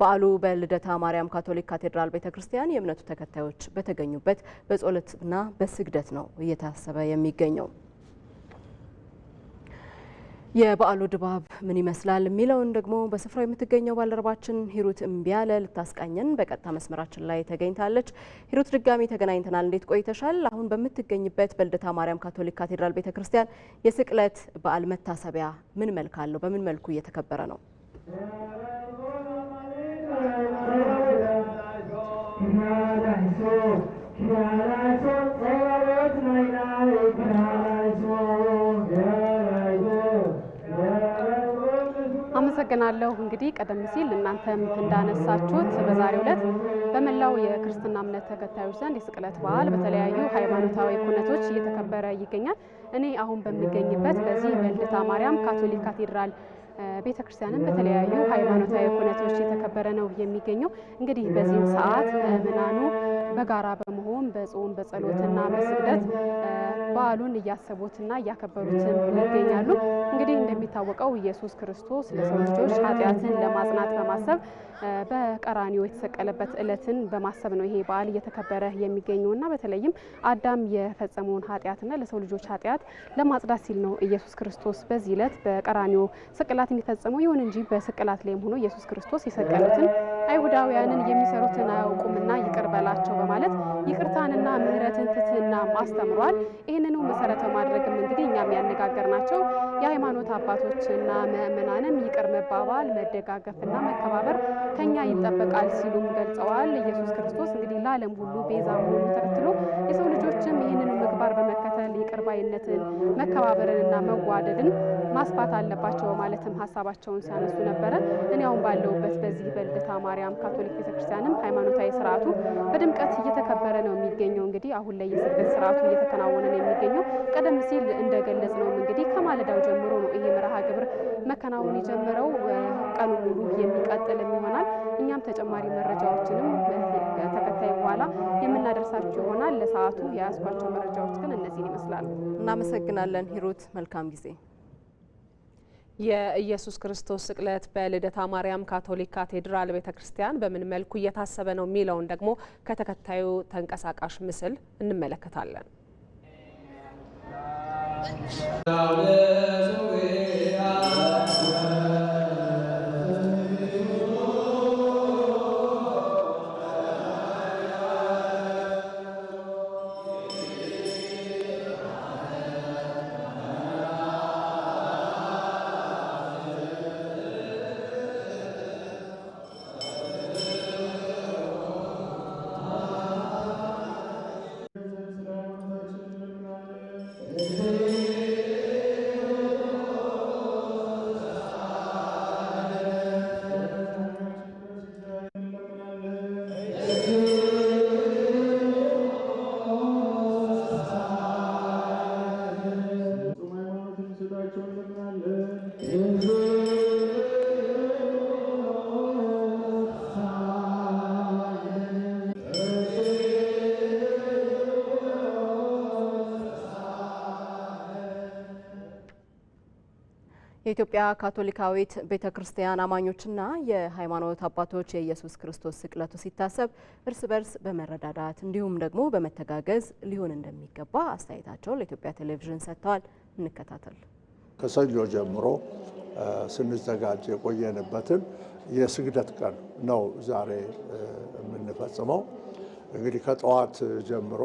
በዓሉ በልደታ ማርያም ካቶሊክ ካቴድራል ቤተ ክርስቲያን የእምነቱ ተከታዮች በተገኙበት በጸሎትና በስግደት ነው እየታሰበ የሚገኘው። የበዓሉ ድባብ ምን ይመስላል የሚለውን ደግሞ በስፍራው የምትገኘው ባልደረባችን ሂሩት እምቢያለ ልታስቃኘን በቀጥታ መስመራችን ላይ ተገኝታለች። ሂሩት ድጋሚ ተገናኝተናል። እንዴት ቆይተሻል? አሁን በምትገኝበት በልደታ ማርያም ካቶሊክ ካቴድራል ቤተ ክርስቲያን የስቅለት በዓል መታሰቢያ ምን መልክ አለው? በምን መልኩ እየተከበረ ነው? አመሰግናለሁ። እንግዲህ ቀደም ሲል እናንተም እንዳነሳችሁት በዛሬው ዕለት በመላው የክርስትና እምነት ተከታዮች ዘንድ የስቅለት በዓል በተለያዩ ሃይማኖታዊ ኩነቶች እየተከበረ ይገኛል። እኔ አሁን በሚገኝበት በዚህ በልደታ ማርያም ካቶሊክ ካቴድራል ቤተ ክርስቲያንም በተለያዩ ሃይማኖታዊ ኩነቶች እየተከበረ ነው የሚገኘው። እንግዲህ በዚህም ሰዓት ምናኑ በጋራ በመሆን በጾም በጸሎትና በስግደት በዓሉን እያሰቡትና እያከበሩትም ይገኛሉ። እንግዲህ እንደሚታወቀው ኢየሱስ ክርስቶስ ለሰው ልጆች ኃጢአትን ለማጽናት በማሰብ በቀራኒዮ የተሰቀለበት እለትን በማሰብ ነው ይሄ በዓል እየተከበረ የሚገኘውና በተለይም አዳም የፈጸመውን ኃጢአትና ለሰው ልጆች ኃጢአት ለማጽዳት ሲል ነው ኢየሱስ ክርስቶስ በዚህ እለት በቀራኒዮ ስቅላት የሚፈጸመው። ይሁን እንጂ በስቅላት ላይም ሆኖ ኢየሱስ ክርስቶስ የሰቀሉትን አይሁዳውያንን የሚሰሩትን አያውቁምና ይቅር በላቸው በማለት ይቅርታንና ምሕረትን ፍትህና አስተምሯል። ይህንኑ መሰረተ ማድረግም እንግዲህ እኛም ናቸው የሃይማኖት አባቶችና ምዕመናንም ይቅር መባባል፣ መደጋገፍና መከባበር ከኛ ይጠበቃል ሲሉም ገልጸዋል። ኢየሱስ ክርስቶስ እንግዲህ ለዓለም ሁሉ ቤዛ መሆኑ ተከትሎ የሰው ልጆችም ይህንን ምግባር በመከተል ይቅር ባይነትን፣ መከባበርንና መዋደድን ማስፋት አለባቸው በማለትም ሀሳባቸውን ሲያነሱ ነበረ። እኔ አሁን ባለሁበት በዚህ በልደታ ማርያም ካቶሊክ ቤተክርስቲያንም ሃይማኖታዊ ስርዓቱ በድምቀት እየተከበረ ነው የሚገኘው። እንግዲህ አሁን ላይ የስግደት ስርዓቱ እየተከናወነ ነው የሚገኘው። ቀደም ሲል እንደገለጽ ነው እንግዲህ ከማለዳው ጀምሮ ነው ይሄ መርሃ ግብር መከናወን የጀመረው። ቀኑ ሙሉ የሚቀጥልም ይሆናል። እኛም ተጨማሪ መረጃዎችንም ከተከታይ በኋላ የምናደርሳችሁ ይሆናል። ለሰዓቱ የያዝኳቸው መረጃዎች ግን እነዚህን ይመስላሉ። እናመሰግናለን ሂሩት፣ መልካም ጊዜ። የኢየሱስ ክርስቶስ ስቅለት በልደታ ማርያም ካቶሊክ ካቴድራል ቤተ ክርስቲያን በምን መልኩ እየታሰበ ነው የሚለውን ደግሞ ከተከታዩ ተንቀሳቃሽ ምስል እንመለከታለን። Thou የኢትዮጵያ ካቶሊካዊት ቤተ ክርስቲያን አማኞችና የሃይማኖት አባቶች የኢየሱስ ክርስቶስ ስቅለቱ ሲታሰብ እርስ በርስ በመረዳዳት እንዲሁም ደግሞ በመተጋገዝ ሊሆን እንደሚገባ አስተያየታቸው ለኢትዮጵያ ቴሌቪዥን ሰጥተዋል። እንከታተል። ከሰኞ ጀምሮ ስንዘጋጅ የቆየንበትን የስግደት ቀን ነው ዛሬ የምንፈጽመው። እንግዲህ ከጠዋት ጀምሮ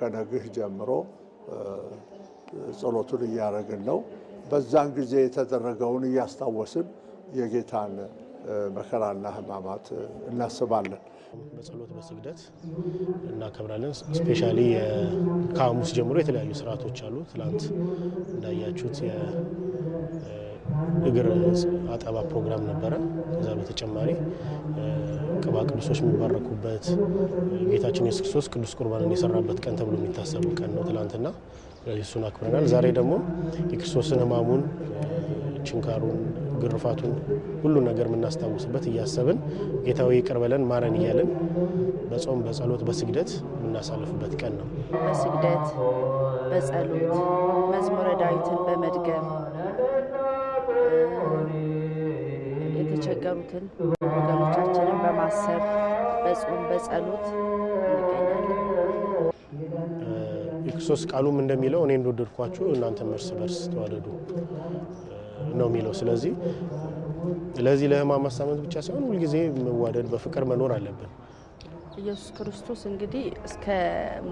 ከነግህ ጀምሮ ጸሎቱን እያደረግን ነው። በዛን ጊዜ የተደረገውን እያስታወስን የጌታን መከራና ሕማማት እናስባለን። በጸሎት በስግደት እናከብራለን። ስፔሻሊ ከሐሙስ ጀምሮ የተለያዩ ስርዓቶች አሉ። ትላንት እንዳያችሁት እግር አጠባ ፕሮግራም ነበረ። ከዛ በተጨማሪ ቅባ ቅዱሶች የሚባረኩበት ጌታችን ኢየሱስ ክርስቶስ ቅዱስ ቁርባንን የሰራበት ቀን ተብሎ የሚታሰብ ቀን ነው ትላንትና። ስለዚህ እሱን አክብረናል። ዛሬ ደግሞ የክርስቶስን ሕማሙን ችንካሩን፣ ግርፋቱን ሁሉ ነገር የምናስታውስበት እያሰብን ጌታዊ ይቅር በለን ማረን እያለን በጾም በጸሎት በስግደት የምናሳልፍበት ቀን ነው። በስግደት በጸሎት መዝሙረ ዳዊትን በመድገም የተቸገሩትን ወገኖቻችንን በማሰብ በጾም በጸሎት እንገኛለን። የክርስቶስ ቃሉም እንደሚለው እኔ እንደወደድኳችሁ እናንተም እርስ በርስ ተዋደዱ ነው የሚለው። ስለዚህ ለዚህ ለሕማም ማሳመት ብቻ ሳይሆን ሁልጊዜ መዋደድ በፍቅር መኖር አለብን። ኢየሱስ ክርስቶስ እንግዲህ እስከ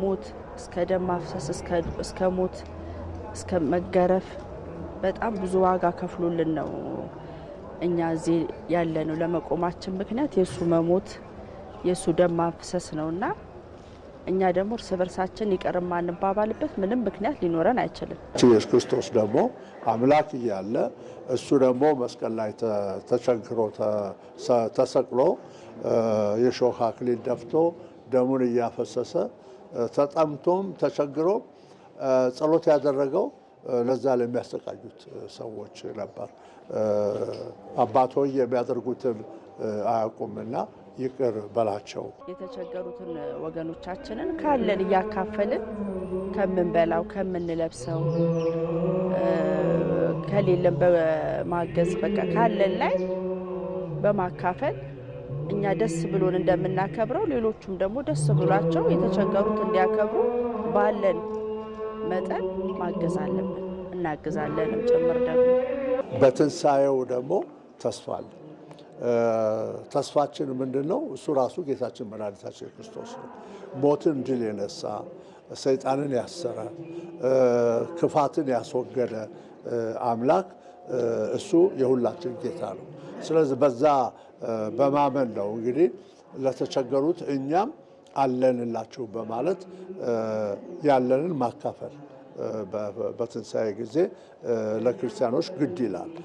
ሞት እስከ ደም ማፍሰስ እስከ ሞት እስከ መገረፍ በጣም ብዙ ዋጋ ከፍሎልን ነው እኛ እዚህ ያለነው ለመቆማችን ምክንያት የእሱ መሞት የእሱ ደም ማፍሰስ ነውና እኛ ደግሞ እርስ በርሳችን ይቅር የማንባባልበት ምንም ምክንያት ሊኖረን አይችልም። ኢየሱስ ክርስቶስ ደግሞ አምላክ እያለ እሱ ደግሞ መስቀል ላይ ተቸንክሮ ተሰቅሎ የሾህ አክሊል ደፍቶ ደሙን እያፈሰሰ ተጠምቶም ተቸግሮ ጸሎት ያደረገው ለዛ ለሚያሰቃዩት ሰዎች ነበር። አባቶ የሚያደርጉትን አያውቁምና ይቅር በላቸው። የተቸገሩትን ወገኖቻችንን ካለን እያካፈልን ከምንበላው ከምንለብሰው ከሌለን በማገዝ በቃ ካለን ላይ በማካፈል እኛ ደስ ብሎን እንደምናከብረው ሌሎቹም ደግሞ ደስ ብሏቸው የተቸገሩት እንዲያከብሩ ባለን መጠን ማገዝ አለብን፣ እናግዛለንም ጭምር ደግሞ በትንሣኤው ደግሞ ተስፋ አለ። ተስፋችን ምንድን ነው? እሱ ራሱ ጌታችን መድኃኒታችን ክርስቶስ ነው። ሞትን ድል የነሳ ሰይጣንን ያሰረ ክፋትን ያስወገደ አምላክ እሱ የሁላችን ጌታ ነው። ስለዚህ በዛ በማመን ነው እንግዲህ ለተቸገሩት እኛም አለንላችሁ በማለት ያለንን ማካፈል በትንሣኤ ጊዜ ለክርስቲያኖች ግድ ይላል።